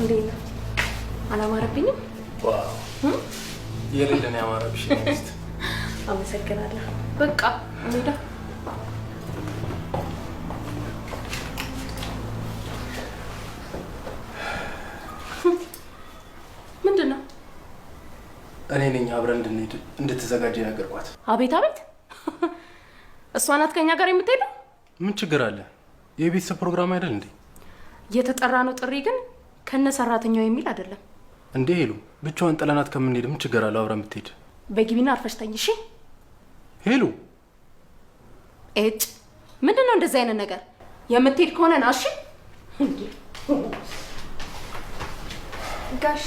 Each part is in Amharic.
እንዴት ነው? አላማረብኝም? የሌለን ያማረብሽ። አመሰግናለሁ። በቃ እንሂዳ። ምንድን ነው? እኔ ነኝ አብረን እንድንሄድ እንድትዘጋጅ የነገርኳት። አቤት አቤት! እሷ ናት ከኛ ጋር የምትሄደው። ምን ችግር አለ? የቤተሰብ ፕሮግራም አይደል እንዴ? የተጠራ ነው ጥሪ ግን ከነ ሰራተኛው የሚል አይደለም እንዴ ሄሉ፣ ብቻዋን ጥለናት ከምንሄድ ምን ችግር አለው? አብረን ብትሄድ። በግቢና አርፈሽ እሺ። ሄሉ እጭ ምንድን ነው እንደዚህ አይነት ነገር? የምትሄድ ከሆነ ና እሺ። ጋሼ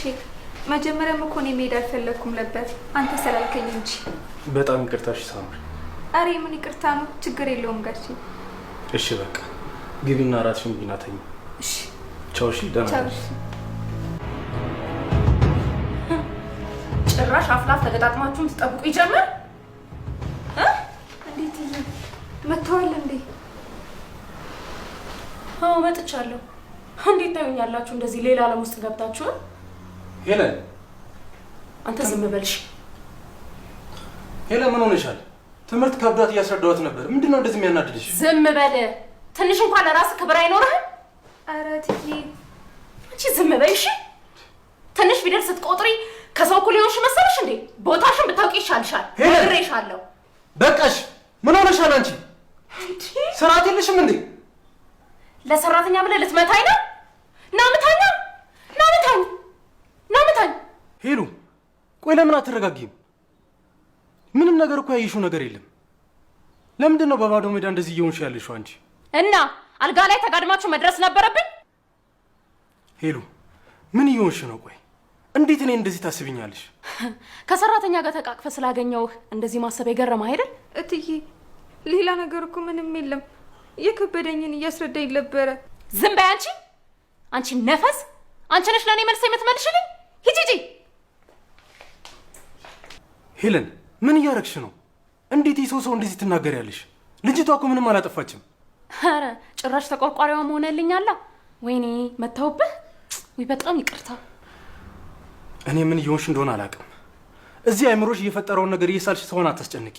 መጀመሪያም እኮ እኔ መሄድ አልፈለግኩም ነበር አንተ ስላልከኝ እንጂ። በጣም ይቅርታሽ ሳምሪ። አሬ ምን ይቅርታ ነው፣ ችግር የለውም ጋሼ። እሺ በቃ ግቢና ራስሽን ቢናተኝ እሺ ቻው። እሺ፣ ደህና ነሽ? ጭራሽ አፍላፍ ተገጣጥማችሁ ምትጠብቁ ይጀምር። እንዴት ይዤ መጥተዋል እንዴ? አዎ መጥቻለሁ። እንዴት ታዩኛላችሁ? እንደዚህ ሌላ ዓለም ውስጥ ገብታችሁ። ሄለን፣ አንተ ዝም በልሽ። ሄለን፣ ምን ሆነሻል? ትምህርት ከብዷት እያስረዳሁት ነበር። ምንድን ነው እንደዚህ የሚያናድድሽ? ዝም በል። ትንሽ እንኳን ለራስህ ክብር አይኖርህም? ኧረ እትዬ አንቺ ዝም በይ እሺ። ትንሽ ቢደርስ ስትቆጥሪ ከሰው እኩል የሆንሽ መሰለሽ እንዴ? ቦታሽን ብታውቂ ይሻልሻል። እሬሻለሁ። በቃሽ። ምን ሆነሻል አንቺ? ስርዓት የለሽም እንዴ? ለሰራተኛ ብለህ ልትመታኝ ነው? ና ምታኝ፣ ና ሄሉ፣ ቆይ ለምን አትረጋጊም? ምንም ነገር እኮ ያየሽው ነገር የለም። ለምንድን ነው በባዶ ሜዳ እንደዚህ እየሆንሽ ያለሽው አንቺ እና አልጋ ላይ ተጋድማችሁ መድረስ ነበረብን። ሄሉ ምን እየሆንሽ ነው? ቆይ እንዴት እኔ እንደዚህ ታስብኛለሽ? ከሰራተኛ ጋር ተቃቅፈ ስላገኘውህ እንደዚህ ማሰብ የገረመ አይደል? እትዬ ሌላ ነገር እኮ ምንም የለም። የከበደኝን እያስረዳኝ ነበረ። ዝም በይ አንቺ አንቺ ነፈስ አንቺ ነሽ ለእኔ መልስ የምትመልሽልኝ። ሂጂ ሂጂ። ሄለን ምን እያረግሽ ነው? እንዴት የሰው ሰው እንደዚህ ትናገሪያለሽ? ልጅቷ እኮ ምንም አላጠፋችም። አረ ጭራሽ ተቆርቋሪዋ መሆነልኛላ። ወይኔ መታውብህ። ወይ በጣም ይቅርታ። እኔ ምን እየሆንሽ እንደሆነ አላውቅም። እዚህ አይምሮሽ እየፈጠረውን ነገር እየሳልሽ ሰውን አታስጨንቂ።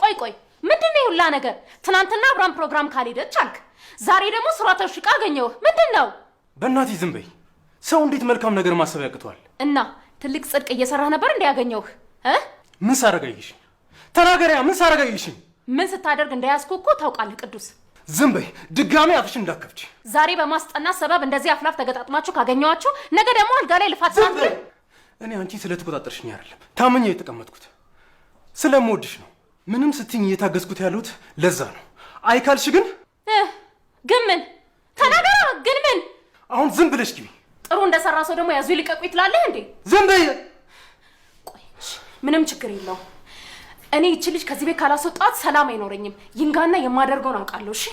ቆይ ቆይ፣ ምንድን ነው ሁላ ነገር? ትናንትና አብራም ፕሮግራም ካልሄደች አልክ፣ ዛሬ ደግሞ ስራ ተሽቃ አገኘሁህ። ምንድን ነው? በእናትህ ዝም በይ። ሰው እንዴት መልካም ነገር ማሰብ ያቅቷል? እና ትልቅ ጽድቅ እየሰራህ ነበር እንዲያገኘሁህ። ምን ሳረጋይሽ? ተናገሪያ። ምን ሳረጋይሽ? ምን ስታደርግ እንዳያስኮኮ ታውቃለህ ቅዱስ ዝም በይ! ድጋሜ አፍሽ እንዳከፍች። ዛሬ በማስጠና ሰበብ እንደዚህ አፍላፍ ተገጣጥማችሁ ካገኘኋችሁ ነገ ደግሞ አልጋ ላይ ልፋት። ዝም በይ! እኔ አንቺ ስለተቆጣጠርሽኝ አይደለም ታመኝ የተቀመጥኩት ስለምወድሽ ነው። ምንም ስትኝ እየታገዝኩት ያሉት ለዛ ነው። አይካልሽ ግን ግን ምን ተናገራ ግን ምን አሁን ዝም ብለሽ ግቢ። ጥሩ እንደሰራ ሰው ደግሞ ያዙ ይልቀቁ ትላለህ እንዴ? ዝም በይ! ቆይ ምንም ችግር የለውም። እኔ ይቺ ልጅ ከዚህ ቤት ካላስወጣት ሰላም አይኖረኝም። ይንጋና የማደርገውን አውቃለሁ። እሺ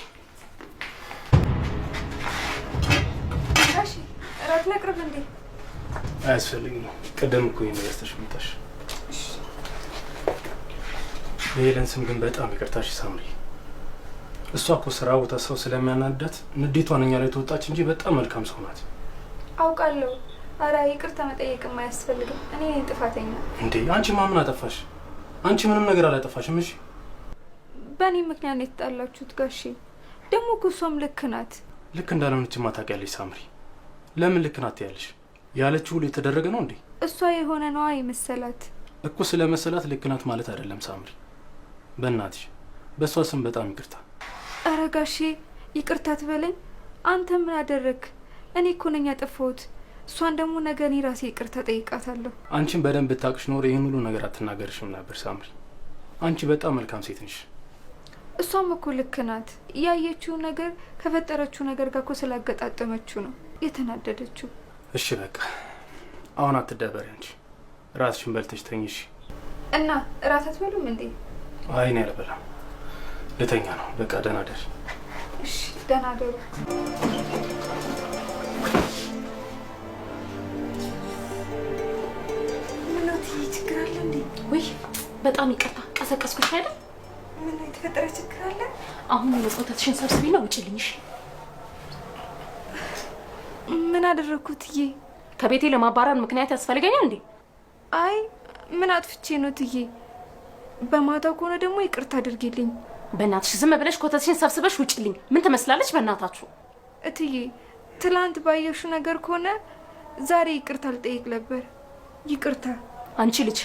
እራት ላቅርብ እንዴ? አያስፈልግም። ቅድም እኮ ይነስተሽ መጣሽ። በሄለን ስም ግን በጣም ይቅርታሽ ሳምሪ። እሷ እኮ ስራ ቦታ ሰው ስለሚያናድዳት ንዴቷን እኛ ላይ ተወጣች እንጂ በጣም መልካም ሰው ናት። አውቃለሁ። አረ ይቅርታ መጠየቅም አያስፈልግም። እኔ ጥፋተኛ። እንዴ አንቺ ማምን አጠፋሽ? አንቺ ምንም ነገር አላጠፋሽም። እሺ በእኔ ምክንያት ነው የተጣላችሁት ጋሼ። ደግሞ ክሷም ልክ ናት። ልክ እንዳልሆነችማ ታውቂያለሽ ሳምሪ። ለምን ልክ ናት ያለሽ? ያለችው ሁሉ የተደረገ ነው እንዴ? እሷ የሆነ ነዋ የመሰላት እኮ። ስለ መሰላት ልክ ናት ማለት አይደለም ሳምሪ። በእናትሽ በእሷ ስም በጣም ይቅርታ። አረ ጋሼ ይቅርታ ትበለኝ። አንተ ምን አደረግ? እኔ እኮ ነኝ ያጠፋሁት። እሷን ደግሞ ነገ እኔ ራሴ ይቅርታ ጠይቃታለሁ። አንቺን በደንብ ብታቅሽ ኖሮ ይህን ሁሉ ነገር አትናገርሽም ነበር ሳምሪ። አንቺ በጣም መልካም ሴት ነሽ። እሷም እኮ ልክ ናት። ያየችው ነገር ከፈጠረችው ነገር ጋር እኮ ስላገጣጠመችው ነው የተናደደችው። እሺ በቃ አሁን አትደበሪ። አንቺ ራስሽን በልተሽ ተኝሽ እና እራት አትበሉም እንዴ? አይ እኔ አልበላም፣ ልተኛ ነው። በቃ ደህና ደር። እሺ ደህና ደሩ። ችግር አለ እንዴ? ወይ በጣም ይቅርታ ቀሰቀስኩሽ አይደል? ምን የተፈጠረ ችግር አለ? አሁን መጽሐፍትሽን ሰብስቢና ውጭልኝ። እሺ። ምን አደረግኩት? ትዬ ከቤቴ ለማባረር ምክንያት ያስፈልገኛል እንዴ? አይ ምን አጥፍቼ ነው ትዬ? በማታው ከሆነ ደግሞ ይቅርታ አድርጌልኝ። በእናትሽ ዝም ብለሽ ኮተትሽን ሰብስበሽ ውጭልኝ። ምን ትመስላለች? በእናታችሁ እትዬ፣ ትላንት ባየሹ ነገር ከሆነ ዛሬ ይቅርታ አልጠይቅ ነበር። ይቅርታ አንቺ ልጅ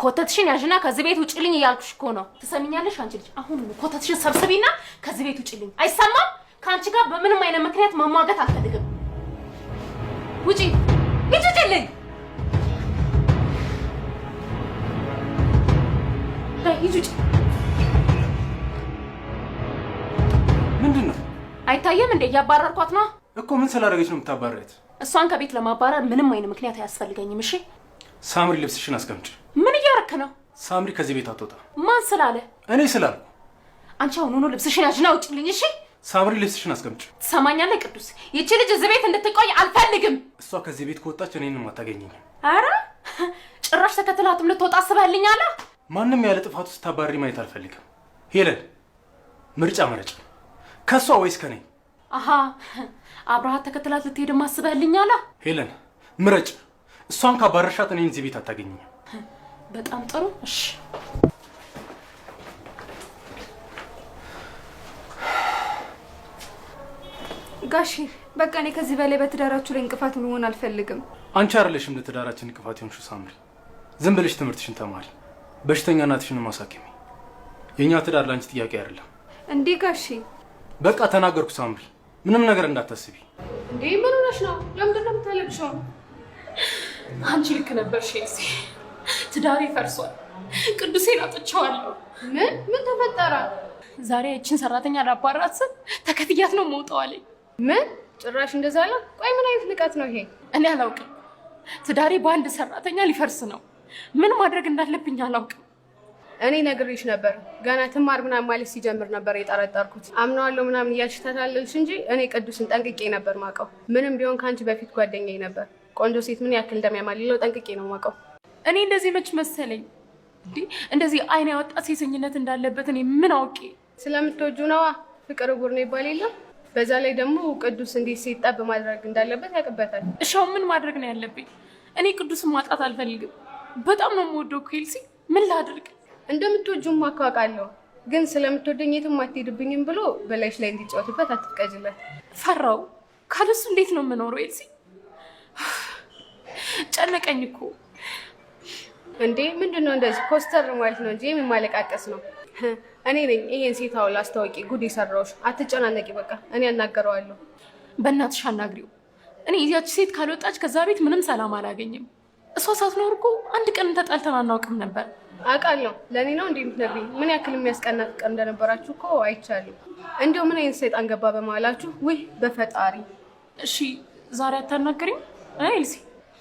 ኮተትሽን ያዥና ከዚህ ቤት ውጭልኝ እያልኩሽ እኮ ነው። ትሰሚኛለሽ? አንቺ ልጅ አሁን ኮተትሽን ሰብስቢና ከዚህ ቤት ልኝ። አይሰማም? ከአንቺ ጋር በምንም አይነት ምክንያት መሟገት አልፈልግም። ውጪ ልጅ፣ ውጭልኝ። ምንድን ነው አይታየም እንዴ? እያባረርኳት ነው እኮ። ምን ስላደረገች ነው የምታባረት? እሷን ከቤት ለማባረር ምንም አይነት ምክንያት አያስፈልገኝም። እሺ ሳምሪ ልብስሽን አስቀምጭ ምን እያረክ ነው? ሳምሪ ከዚህ ቤት አትወጣ። ማን ስላለ? እኔ ስላልኩ። አንቺ አሁን ሆኖ ልብስሽን ያዥና ውጭልኝ። እሺ ሳምሪ ልብስሽን አስቀምጪ። ትሰማኛለህ ቅዱስ? ይቺ ልጅ እዚህ ቤት እንድትቆይ አልፈልግም። እሷ ከዚህ ቤት ከወጣች እኔንም አታገኘኝም። አረ ጭራሽ ተከትላትም ልትወጣ አለ። ማንም ያለ ጥፋቱ ስታባሪ ማየት አልፈልግም። ሄለን ምርጫ መረጫ፣ ከእሷ ወይስ ከኔ? አሀ አብረሃት ተከትላት ልትሄድም አለ። ሄለን ምረጭ። እሷን ካባረርሻት እኔን እዚህ ቤት አታገኝም። በጣም ጥሩ። እሺ ጋሺ፣ በቃ እኔ ከዚህ በላይ በትዳራችሁ ላይ እንቅፋት መሆን አልፈልግም። አንቺ አይደለሽም ለትዳራችን እንቅፋት የሆንሽው ሳምሪ። ዝም ብለሽ ትምህርትሽን ተማሪ፣ በሽተኛ እናትሽን ማሳከሚ። የእኛ ትዳር ለአንቺ ጥያቄ አይደለም። እንዴ ጋሺ፣ በቃ ተናገርኩ ሳምሪ፣ ምንም ነገር እንዳታስቢ። እንዴ ምን ሆነሽ ነው? ለምንድን ነው የምታለቅሺው? አንቺ ልክ ነበር ጊዜ ትዳሬ ፈርሷል። ቅዱሴን አጥቼዋለሁ። ምን ምን ተፈጠረ? ዛሬ ይችን ሰራተኛ ላባራት ስል ተከትያት ነው መውጣው ምን ጭራሽ እንደዛ አለ? ቆይ ምን አይነት ንቀት ነው ይሄ? እኔ አላውቅም። ትዳሬ በአንድ ሰራተኛ ሊፈርስ ነው። ምን ማድረግ እንዳለብኝ አላውቅም። እኔ ነግሬሽ ነበር። ገና ትማር ምናምን ማለት ሲጀምር ነበር የጠረጠርኩት። አምነዋለሁ ምናምን እያልሽ ተታለልሽ እንጂ እኔ ቅዱስን ጠንቅቄ ነበር ማውቀው። ምንም ቢሆን ከአንቺ በፊት ጓደኛዬ ነበር። ቆንጆ ሴት ምን ያክል እንደሚያማልለው ጠንቅቄ ነው የማውቀው። እኔ እንደዚህ መች መሰለኝ እንዴ! እንደዚህ አይን ያወጣ ሴሰኝነት እንዳለበት እኔ ምን አውቄ። ስለምትወጁ ነዋ። ፍቅር እውር ነው ይባል የለም? በዛ ላይ ደግሞ ቅዱስ እንዴት ሴት ጠብ ማድረግ እንዳለበት ያውቅበታል። እሻው ምን ማድረግ ነው ያለብኝ? እኔ ቅዱስን ማጣት አልፈልግም። በጣም ነው የምወደው እኮ ኤልሲ። ምን ላድርግ? እንደምትወጁም አውቃለሁ፣ ግን ስለምትወደኝ የትም አትሄድብኝም ብሎ በላይሽ ላይ እንዲጫወትበት አትፍቀጅለት። ፈራው። ካለሱ እንዴት ነው የምኖረው ኤልሲ? ጨነቀኝ እኮ እንዴ! ምንድነው እንደዚህ ኮስተር ማለት ነው እንጂ የሚማለቃቀስ ነው። እኔ ነኝ ይሄን ሴታው ላስታወቂ ጉድ የሰራሁሽ። አትጨናነቂ፣ በቃ እኔ አናገረዋለሁ። በእናትሽ አናግሪው። እኔ እዚያች ሴት ካልወጣች ከዛ ቤት ምንም ሰላም አላገኝም። እሷ ሳትኖር እኮ አንድ ቀን ተጣልተን አናውቅም ነበር። አውቃለሁ። ለእኔ ነው እንዴ የምትነግሪኝ? ምን ያክል የሚያስቀናት ቀን እንደነበራችሁ እኮ አይቻለሁ። እንዲያው ምን አይነት ሰይጣን ገባ በመሀላችሁ? ውይ በፈጣሪ። እሺ ዛሬ አታናግሪኝ? አይ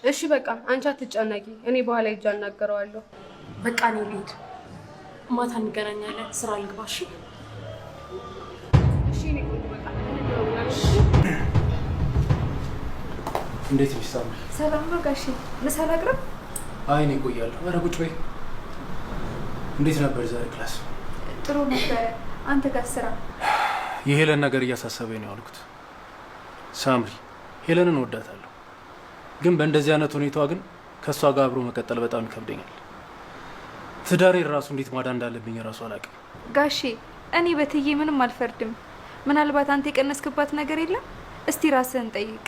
እሺ በቃ አንቺ አትጨነቂ፣ እኔ በኋላ ሂጅ አናገረዋለሁ። በቃ እኔ ልሂድ፣ ማታ እንገናኛለን። ስራ ልግባሽ። እሺ እኔ ቆንጆ በቃ እንዴት ይሳል? ሰላም ነው ጋሼ? ምሳ ላቅርብ? አይ እኔ እቆያለሁ። ኧረ ቁጭ በይ። እንዴት ነበር ዛሬ ክላስ? ጥሩ ነበረ። አንተ ጋር ስራ? የሄለን ነገር እያሳሰበኝ ነው ያልኩት። ሳምሪ ሄለንን ወዳታለሁ ግን በእንደዚህ አይነት ሁኔታዋ ግን ከእሷ ጋር አብሮ መቀጠል በጣም ይከብደኛል። ትዳሬን ራሱ እንዴት ማዳ እንዳለብኝ ራሱ አላውቅም። ጋሼ እኔ በትዬ ምንም አልፈርድም። ምናልባት አንተ የቀነስክባት ነገር የለም? እስቲ ራስህን ጠይቅ።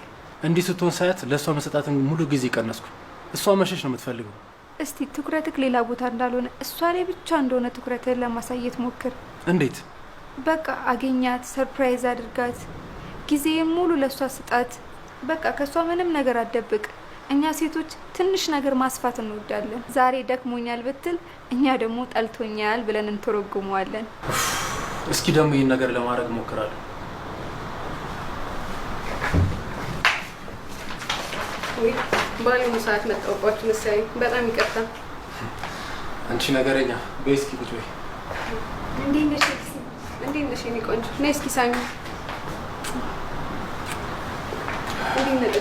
እንዲህ ስትሆን ሳያት ለእሷ መሰጣትን ሙሉ ጊዜ ቀነስኩ። እሷ መሸሽ ነው የምትፈልገው። እስቲ ትኩረትክ ሌላ ቦታ እንዳልሆነ እሷ ላይ ብቻ እንደሆነ ትኩረትህን ለማሳየት ሞክር። እንዴት? በቃ አገኛት፣ ሰርፕራይዝ አድርጋት፣ ጊዜ ሙሉ ለእሷ ስጣት። በቃ ከእሷ ምንም ነገር አደብቅ! እኛ ሴቶች ትንሽ ነገር ማስፋት እንወዳለን። ዛሬ ደክሞኛል ብትል፣ እኛ ደግሞ ጠልቶኛል ብለን እንተረጉመዋለን። እስኪ ደግሞ ይህን ነገር ለማድረግ እሞክራለሁ። ባለሙ ሰዓት መጣውቋችሁ መሰለኝ። በጣም ይቀርታ። አንቺ ነገረኛ በይ እስኪ ቁጭ በይ። እንዴት ነሽ? እንዴት ነሽ? ነይ እስኪ ሳሚ እንዴት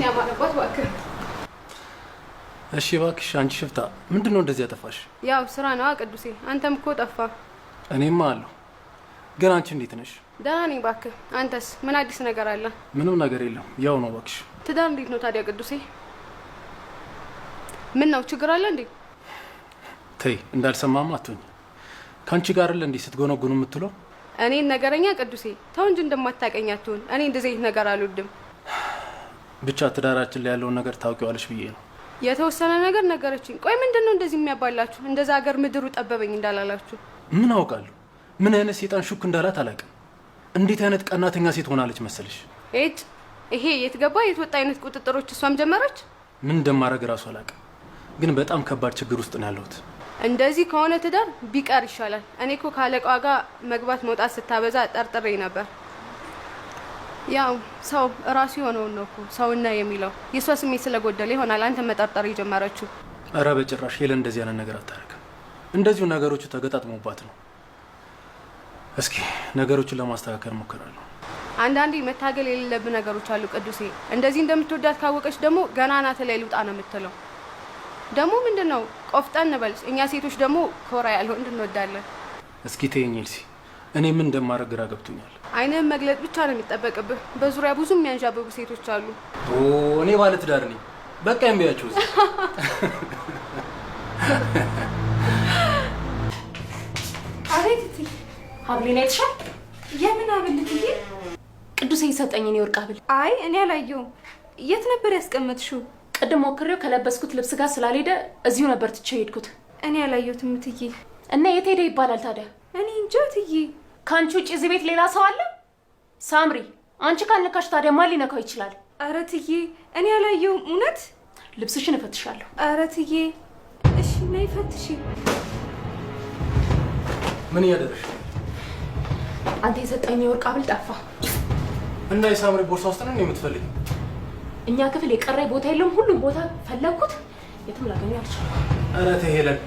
ነው ያማረባት? እባክህ እሺ፣ እባክሽ አንቺ ሽፍታ፣ ምንድን ነው እንደዚህ ያጠፋሽ? ያው ስራ ነዋ ቅዱሴ፣ አንተም እኮ ጠፋ። እኔማ አለሁ፣ ግን አንቺ እንዴት ነሽ? ደህና ነኝ እባክህ። አንተስ ምን አዲስ ነገር አለ? ምንም ነገር የለም፣ ያው ነው እባክሽ። ትዳር እንዴት ነው ታዲያ ቅዱሴ? ምን ነው ችግር አለ እንዴ? ተይ እንዳልሰማማ አትሆኝ። ከአንቺ ጋር አለ ስትጎነጉኑ የምትለው እኔን ነገረኛ ቅዱሴ ተው እንጂ እንደማታቀኛችሁን። እኔ እንደዚህ ነገር አልወድም። ብቻ ትዳራችን ላይ ያለውን ነገር ታውቂዋለሽ ብዬ ነው የተወሰነ ነገር ነገረችኝ። ቆይ ምንድን ነው እንደዚህ የሚያባላችሁ? እንደዛ ሀገር ምድሩ ጠበበኝ እንዳላላችሁ ምን አውቃለሁ። ምን አይነት ሴጣን ሹክ እንዳላት አላውቅም። እንዴት አይነት ቀናተኛ ሴት ሆናለች መሰለሽ? ኤጭ ይሄ የትገባ የትወጣ አይነት ቁጥጥሮች እሷም ጀመረች። ምን እንደማድረግ እራሱ አላውቅም፣ ግን በጣም ከባድ ችግር ውስጥ ነው ያለሁት። እንደዚህ ከሆነ ትዳር ቢቀር ይሻላል። እኔ እኮ ካለቃዋ ጋር መግባት መውጣት ስታበዛ ጠርጥሬ ነበር። ያው ሰው እራሱ የሆነውን ነው እኮ ሰውና የሚለው የእሷ ስሜት ስለጎደለ ይሆናል አንተ መጠርጠር የጀመረችው። እረ በጭራሽ ሄለን እንደዚህ ያለ ነገር አታደርግም። እንደዚሁ ነገሮቹ ተገጣጥሞባት ነው። እስኪ ነገሮቹን ለማስተካከል ሞክራለሁ። አንዳንዴ መታገል የሌለብን ነገሮች አሉ ቅዱሴ። እንደዚህ እንደምትወዳት ካወቀች ደግሞ ገና ናት ላይ ልውጣ ነው የምትለው ደግሞ ምንድን ነው ቆፍጠን እኛ ሴቶች ደግሞ ኮራ ያለው እንድንወዳለን። እስኪ ተይኝ ኤልሲ፣ እኔ ምን እንደማደርግ ግራ ገብቶኛል። አይንህን መግለጥ ብቻ ነው የሚጠበቅብህ። በዙሪያ ብዙ የሚያንዣብቡ ሴቶች አሉ። እኔ ባለ ትዳር ነኝ። በቃ የሚያቸው አቤት ሀብሌን አይተሻል? የምን ሀብል ልትዬ? ቅዱስ የወርቅ ሀብል። አይ እኔ አላየውም። የት ነበር ያስቀመጥሽው? ቅድም ሞክሬው ከለበስኩት ልብስ ጋር ስላልሄደ እዚሁ ነበር ትቼው እኔ ያላየሁትም እትዬ። እና የት ሄደ ይባላል ታዲያ? እኔ እንጃ እትዬ። ከአንቺ ውጭ እዚህ ቤት ሌላ ሰው አለ? ሳምሪ፣ አንቺ ካልነካሽ ታዲያ ማን ሊነካው ይችላል? አረ እትዬ፣ እኔ ያላየሁም። እውነት ልብስሽን እፈትሻለሁ። አረ እትዬ፣ እሺ ነይ ፈትሺ። ምን እያደረሽ? አንተ የሰጠኝ የወርቅ ሀብል ጠፋ እና የሳምሪ ቦርሳ ውስጥ ነው የምትፈልጊው? እኛ ክፍል የቀረ ቦታ የለም። ሁሉም ቦታ ፈለግኩት፣ የትም ላገኘው አልቻልኩም። ኧረ ተይ ሄለን፣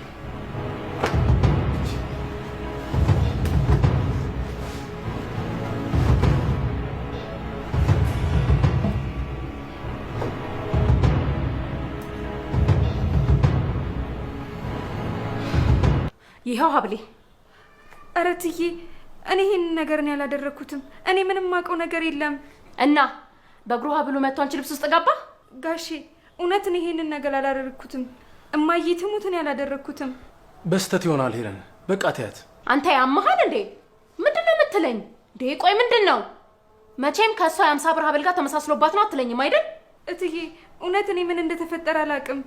ይኸው ሀብሌ። ኧረ ትዬ፣ እኔ ይህን ነገርን ያላደረግኩትም። እኔ ምንም አውቀው ነገር የለም እና በእግሯ ብሎ መጥቶ አንቺ ልብስ ውስጥ ገባ። ጋሼ እውነትን ይሄንን ነገር አላደረግኩትም። እማዬ ትሙትን ያላደረግኩትም በስተት ይሆናል። ሄለን በቃ ትያት። አንተ ያመሃል እንዴ? ምንድን ነው የምትለኝ እንዴ? ቆይ ምንድን ነው መቼም ከእሷ የአምሳ ብር ሀብል ጋር ተመሳስሎባት ነው አትለኝም አይደል? እትዬ እውነትን ምን እንደተፈጠረ አላውቅም።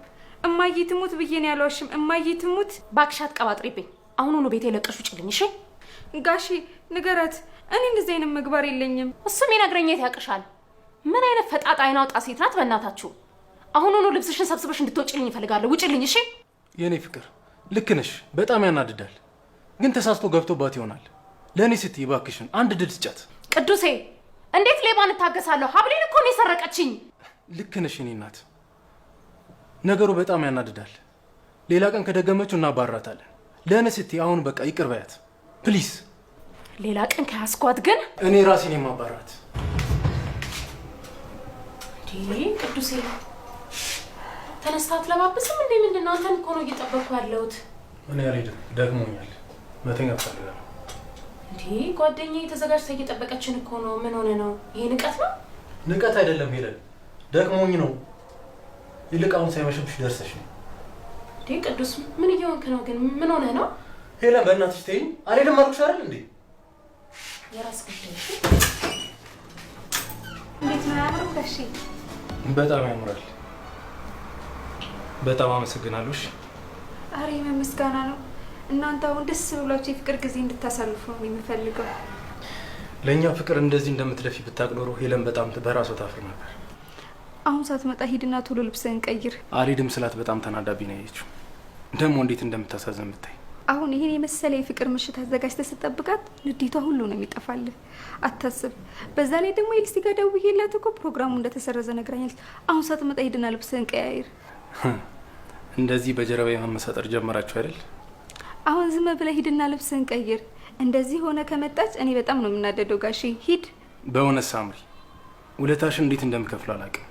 እማዬ ትሙት ብዬ ነው ያልዋሽም። እማዬ ትሙት እባክሽ አትቀባጥሪብኝ። አሁኑኑ ቤቴ ለቀሽ ውጭልኝ። እሺ ጋሺ ንገረት። እኔ እንደዚህ አይነት ምግባር የለኝም። እሱም ይነግረኝ የት ያውቅሻል? ምን አይነት ፈጣጣ አይን አውጣ ሴት ናት? በእናታችሁ አሁኑኑ ልብስሽን ሰብስበሽ እንድትወጪልኝ እፈልጋለሁ። ውጭልኝ እሺ የእኔ ፍቅር ልክ ነሽ። በጣም ያናድዳል፣ ግን ተሳስቶ ገብቶባት ይሆናል። ለእኔ ስትይ እባክሽን አንድ ድል ስጫት። ቅዱሴ እንዴት ሌባን እታገሳለሁ? ሀብሌን እኮ ነው የሰረቀችኝ። ልክ ነሽ የእኔ እናት፣ ነገሩ በጣም ያናድዳል። ሌላ ቀን ከደገመችው እናባራታለን። ለእኔ ስትይ አሁን በቃ ይቅር በያት ፕሊዝ። ሌላ ቀን ከያስኳት ግን እኔ ራሴን የማባራት ቅዱሴ ተነስታት ለባብስም እንዴ? ምንድን ነው? አንተን እኮ ነው እየጠበቅኩ ያለሁት። እኔ አልሄድም፣ ደክሞኛል፣ መተኛት እፈልጋለሁ። እንዴ ጓደኛዬ ተዘጋጅታ እየጠበቀችን እኮ ነው። ምን ሆነ ነው? ይሄ ንቀት ነው? ንቀት አይደለም ሄለን፣ ደግሞኝ ነው። ይልቅ አሁን ሳይመሽብሽ ደርሰሽ ነው። እንዴ ቅዱስ ምን እየሆንክ ነው ግን? ምን ሆነ ነው? ሄለን በእናትሽ ተይኝ፣ አልሄድም አልኩሽ አይደል እንዴ? የራስ ጉዳይ። እንዴት ነው ያምሩ ከሺ በጣም ያምራል። በጣም አመሰግናለሁ። አሬ ምስጋና ነው። እናንተ አሁን ደስ ብሏችሁ የፍቅር ጊዜ እንድታሳልፉ ነው የምፈልገው። ለእኛ ፍቅር እንደዚህ እንደምትደፊ ብታቅ ኖሮ ሄለን በጣም በራሷ ታፍር ነበር። አሁን ሳትመጣ ሂድና ቶሎ ልብስህን ቀይር። አልሄድም ስላት በጣም ተናዳቢ ነው ያየችው። ደግሞ እንዴት እንደምታሳዝን ብታይ አሁን ይሄን የመሰለ የፍቅር ምሽት አዘጋጅተ ስጠብቃት ንዴቷ ሁሉ ነው የሚጠፋልህ። አታስብ። በዛ ላይ ደግሞ ኤልሲ ጋር ደውዬላት እኮ ፕሮግራሙ እንደተሰረዘ ነግራኛለች። አሁን ሳትመጣ ሂድና ልብስህን ቀያይር። እንደዚህ በጀርባ የመመሳጠር ጀመራችሁ አይደል? አሁን ዝም ብለህ ሂድና ልብስህን ቀይር። እንደዚህ ሆነ ከመጣች እኔ በጣም ነው የምናደደው። ጋሺ ሂድ። በእውነት ሳምሪ፣ ውለታሽን እንዴት እንደምከፍለው አላውቅም።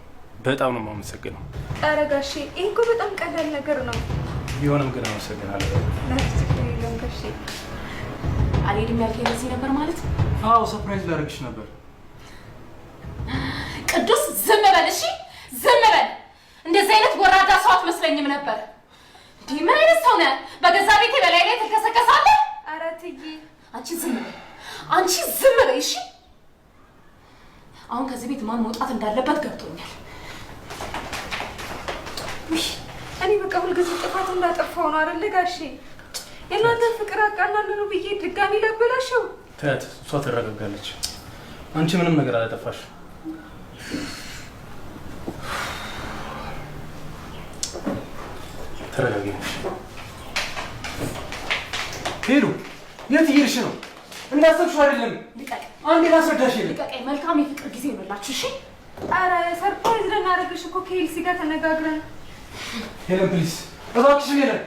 በጣም ነው የማመሰግነው። ኧረ ጋሼ ይህ እኮ በጣም ቀላል ነገር ነው። ቢሆንም ግን አመሰግናለሁ። አልሄድም ያልከኝ በዚህ ነበር ማለት ነው? አዎ ሰርፕራይዝ ላደርግሽ ነበር። ቅዱስ ዝም በል እሺ፣ ዝም በል። እንደዚህ አይነት ጎራዳ ሰው አትመስለኝም ነበር። እንዲህ ምን አይነት ሰው ነህ? በገዛ ቤቴ በላይ ላይ ትልከሰከሳለህ። ኧረ አንቺ ዝም በይ፣ አንቺ ዝም በይ እሺ። አሁን ከዚህ ቤት ማን መውጣት እንዳለበት ገብቶኛል። እኔ በቃ ሁልጊዜ ጥፋት እንዳጠፋው ነው አይደለ ጋሼ? የእናንተ ፍቅር አቃናሉ ነው ብዬ ድጋሚ ለበላሸው። ተያት፣ እሷ ትረጋጋለች። አንቺ ምንም ነገር አላጠፋሽ። ተረጋጊ። ሄዱ፣ የት እየሄድሽ ነው? እንዳሰብሽው አይደለም። አንዴ ላስረዳሽ። ልቀቀኝ። መልካም የፍቅር ጊዜ ይበላችሁ። እሺ። ኧረ ሰርፕራይዝ ልናደርግሽ እኮ ከኤልሲ ጋር ተነጋግረን ሄለን ፕሊዝ እባክሽን ሄለን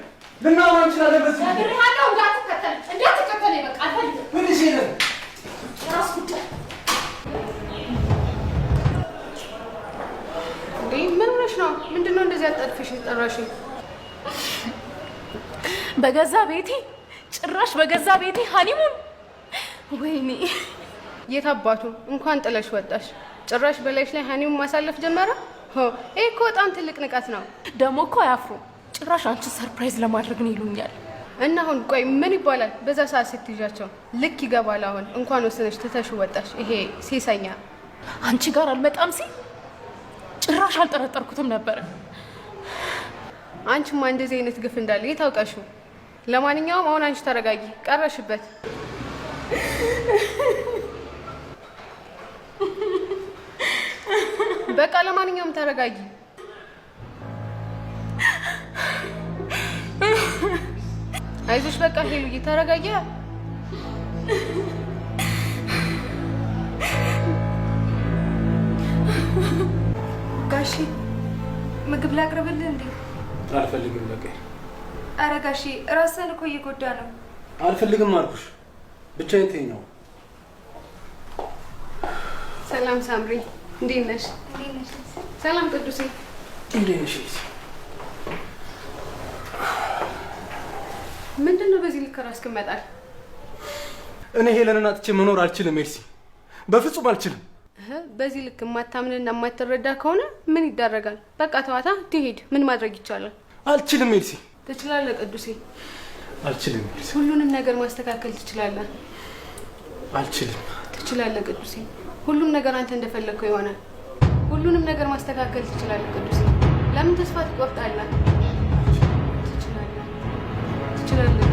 ልናወራ እንችላለን። በዚህ ነግሬሃለሁ፣ እንዳትከተል እንዳትከተል በቃ አልፈልግም። ፕሊዝ ሄለን ራስ ጉዳይ ምን ሆነሽ ነው? ምንድን ነው እንደዚህ አጣጥፈሽ የጠራሽኝ? በገዛ ቤቴ ጭራሽ በገዛ ቤቴ ሀኒሙን ወይኔ የት አባቱ እንኳን ጥለሽ ወጣሽ። ጭራሽ በላይሽ ላይ ሀኒሙን ማሳለፍ ጀመረ። ይህ እኮ በጣም ትልቅ ንቀት ነው። ደግሞ እኮ አያፍሩም። ጭራሽ አንቺን ሰርፕራይዝ ለማድረግ ነው ይሉኛል። እና አሁን ቆይ ምን ይባላል? በዛ ሰዓት ስትይዣቸው ልክ ይገባል። አሁን እንኳን ወስነሽ ትተሽ ወጣሽ። ይሄ ሴሰኛ አንቺ ጋር አልመጣም ሲል ጭራሽ አልጠረጠርኩትም ነበር። አንቺማ እንደዚህ አይነት ግፍ እንዳለ የታውቀሽው። ለማንኛውም አሁን አንቺ ተረጋጊ፣ ቀረሽበት በቃ ለማንኛውም ተረጋጊ። አይዞሽ በቃ ሄሉዬ ተረጋጊ። ጋሺ ምግብ ላቅርብልህ እንዴ? አልፈልግም በቃ። ኧረ ጋሺ ራስህን እኮ እየጎዳ ነው። አልፈልግም አልኩሽ። ብቻዬን ተኛው። ሰላም ሳምሪ እንዴት ነሽ? ሰላም ቅዱሴ፣ እንዴት ነሽ? ምንድን ነው በዚህ ልክ ራስክን መጣል? እኔ ሄለንን አጥቼ መኖር አልችልም። ኤልሲ፣ በፍጹም አልችልም። በዚህ ልክ የማታምንና የማትረዳ ከሆነ ምን ይደረጋል? በቃ ተዋታ ትሄድ። ምን ማድረግ ይቻላል? አልችልም ኤልሲ። ትችላለህ ቅዱሴ። አልችልም ኤልሲ። ሁሉንም ነገር ማስተካከል ትችላለህ። አልችልም። ትችላለህ ቅዱሴ። ሁሉም ነገር አንተ እንደፈለግከው ይሆናል። ሁሉንም ነገር ማስተካከል ትችላለህ ቅዱስ። ለምን ተስፋ ትቆርጣለህ? ትችላለህ፣ ትችላለህ